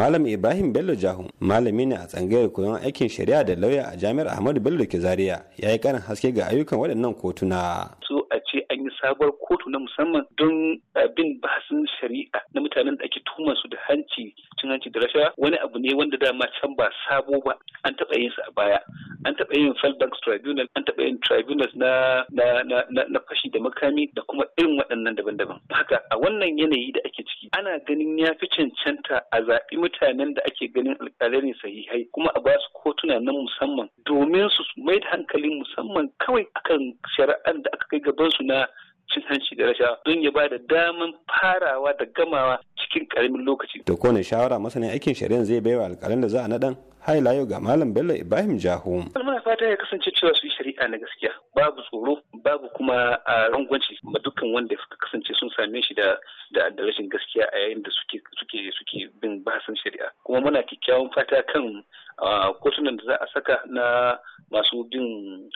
malam ibrahim bello jahu malami ne a tsangayar koyon aikin shari'a da lauya a jami'ar ahmadu bello ke zaria ya yi karin haske ga ayyukan waɗannan kotuna su a ce an yi sabuwar kotu na musamman don bin bahasin shari'a na mutanen da ake tuhumar su da hanci cin hanci da rashawa wani abu ne wanda dama can ba sabo ba an taɓa yin su a baya an taɓa yin Felbank Tribunal an taɓa yin tribunals na na fashi da makami da kuma irin waɗannan daban-daban haka a wannan yanayi da ake ciki ana ganin ya fi cancanta a zaɓi mutanen da ake ganin alƙalai ne sahihai kuma a ba su kotuna na musamman domin su mai da hankali musamman kawai akan shari'ar da aka kai gabansu na cin hanci da rashawa don ya ba da daman farawa da gamawa cikin karamin lokaci Da kone shawara masanin aikin shari'a zai baiwa alƙalin da za a naɗan haila yau ga malam bello ibrahim jahu muna fata ya kasance cewa su yi shari'a na gaskiya babu tsoro babu kuma a rangwanci ma dukkan wanda suka kasance sun same shi da da rashin gaskiya a yayin da suke suke suke bin bahasin shari'a kuma muna kyakkyawan fata kan kotunan da za a saka na masu bin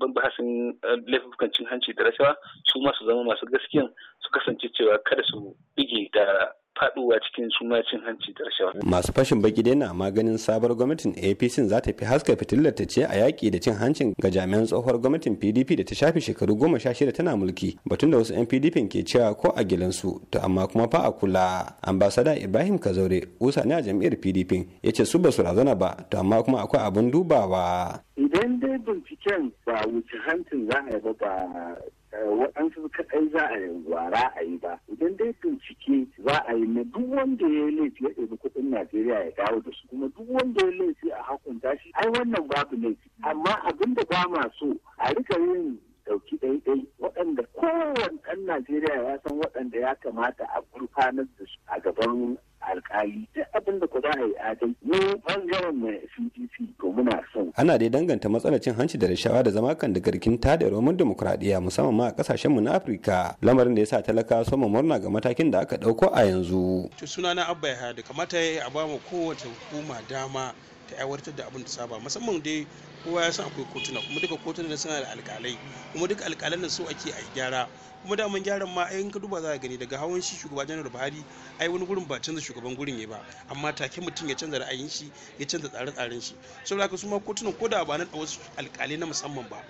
bin bahasin laifukan cin hanci da rashawa su masu zama masu gaskiya su kasance cewa kada su bige da faduwa cikin suna cin hanci da rashawa. Masu fashin baki dai na maganin sabuwar gwamnatin APC za ta fi haska fitilar ta ce a yaƙi da cin hancin ga jami'an tsohuwar gwamnatin PDP da ta shafe shekaru goma sha shida tana mulki batun da wasu 'yan PDP ke cewa ko a su, to amma kuma fa a kula. Ambasada Ibrahim Kazaure usa ne a jam'iyyar PDP ya ce su ba su razana ba to amma kuma akwai abin dubawa. Idan dai binciken ba wuce hancin za a yi ba Eh, waɗansu kaɗai za a yi a yi ba idan dai bincike za a yi na duk wanda ya yi laifi ya ɗebi kuɗin najeriya ya dawo da su kuma duk wanda ya laifi a hakunta shi ai wannan babu laifi amma abin da ba ma so a rika yin ɗauki ɗaiɗai waɗanda kowane ɗan najeriya ya san waɗanda ya kamata a gurfanar da su a gaban alkali duk abin da ku za a yi adai mu bangaren na cdc to muna son ana dai danganta matsalar cin hanci da rashawa da zama kan da garkin ta da roman demokuraɗiyya musamman ma a kasashen mu na afirka lamarin da ya sa talaka so mu murna ga matakin da aka ɗauko a yanzu to sunana abba ya hadu kamata ya yi a ba mu kowace hukuma dama ta aiwatar da abin da saba musamman dai kowa ya san akwai kotuna kuma duka kotunan suna da alkalai kuma duka alkalan nan so ake a gyara kuma da mun gyaran ma ayin ka duba za ka gani daga hawan shi shugaba janar buhari ai wani gurin ba canza shugaban gurin ya ba amma take mutum ya canza ra'ayin shi ya canza tsare-tsaren shi saboda haka su ma kotunan ko da ba nan da wasu alkalai na musamman ba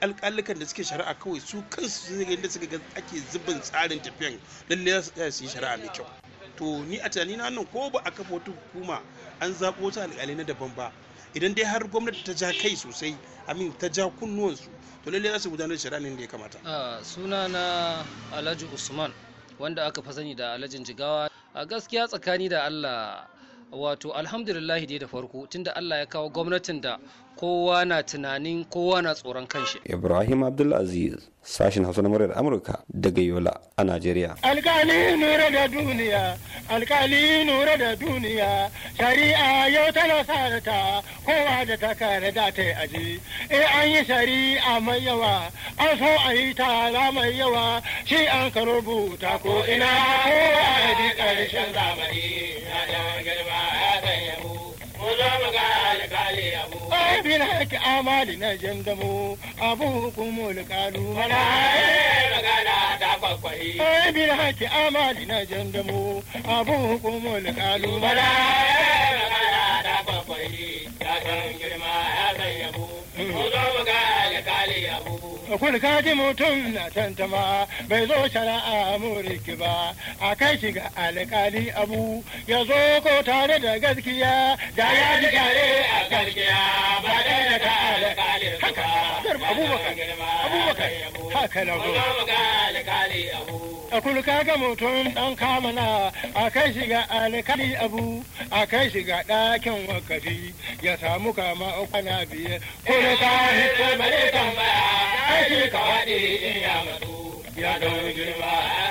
alkalikan da suke shari'a kawai su kansu sun ga inda suka ga ake zubin tsarin tafiyan lalle za su yi shari'a mai kyau to ni a na nan ko ba a kafa wata hukuma an zaɓo wasu alƙalai na daban ba idan dai har gwamnati ta ja kai sosai amin ta ja kunnuwansu to lalle za su gudanar da shari'a da ya kamata suna na alhaji usman wanda aka fa sani da alhajin jigawa a gaskiya tsakani da allah wato alhamdulillahi dai da farko tunda Allah ya kawo gwamnatin da kowa na tunanin kowa na tsoron kanshi. Ibrahim Abdulaziz sashen Hausa na muryar Amurka daga Yola a Najeriya. Alkali nura da duniya, alkali nura da duniya, shari'a yau tana sarata kowa da ta kare da ta aji. Eh an yi shari'a mai yawa an so a yi tara mai yawa shi an ka rubuta ko ina ko a yi ƙarshen zamani na yan girma ya tsayamu mu zo mu ga alƙali abu. Ai bin haƙi amali na jamdamu abu hukumu alƙalu. Mana yi eh, magana ta kwakwari. Ai bin haƙi amali na jamdamu abu hukumu alƙalu. Mana yi eh, magana ta kwakwari. kurka ji mutum na tantama bai zo shari'a muriki ba a kai shi ga alƙali abu ya zo ko tare da gaskiya da ya ji tare a gaskiya ba da na ta alƙali haka garba abubakar abubakar haka na zo a kurka ga mutum dan kamana a kai shiga ga abu a kai shi ga ɗakin wakafi ya samu kama kwana biyar kurka hita bare shi kare in ya matsu ya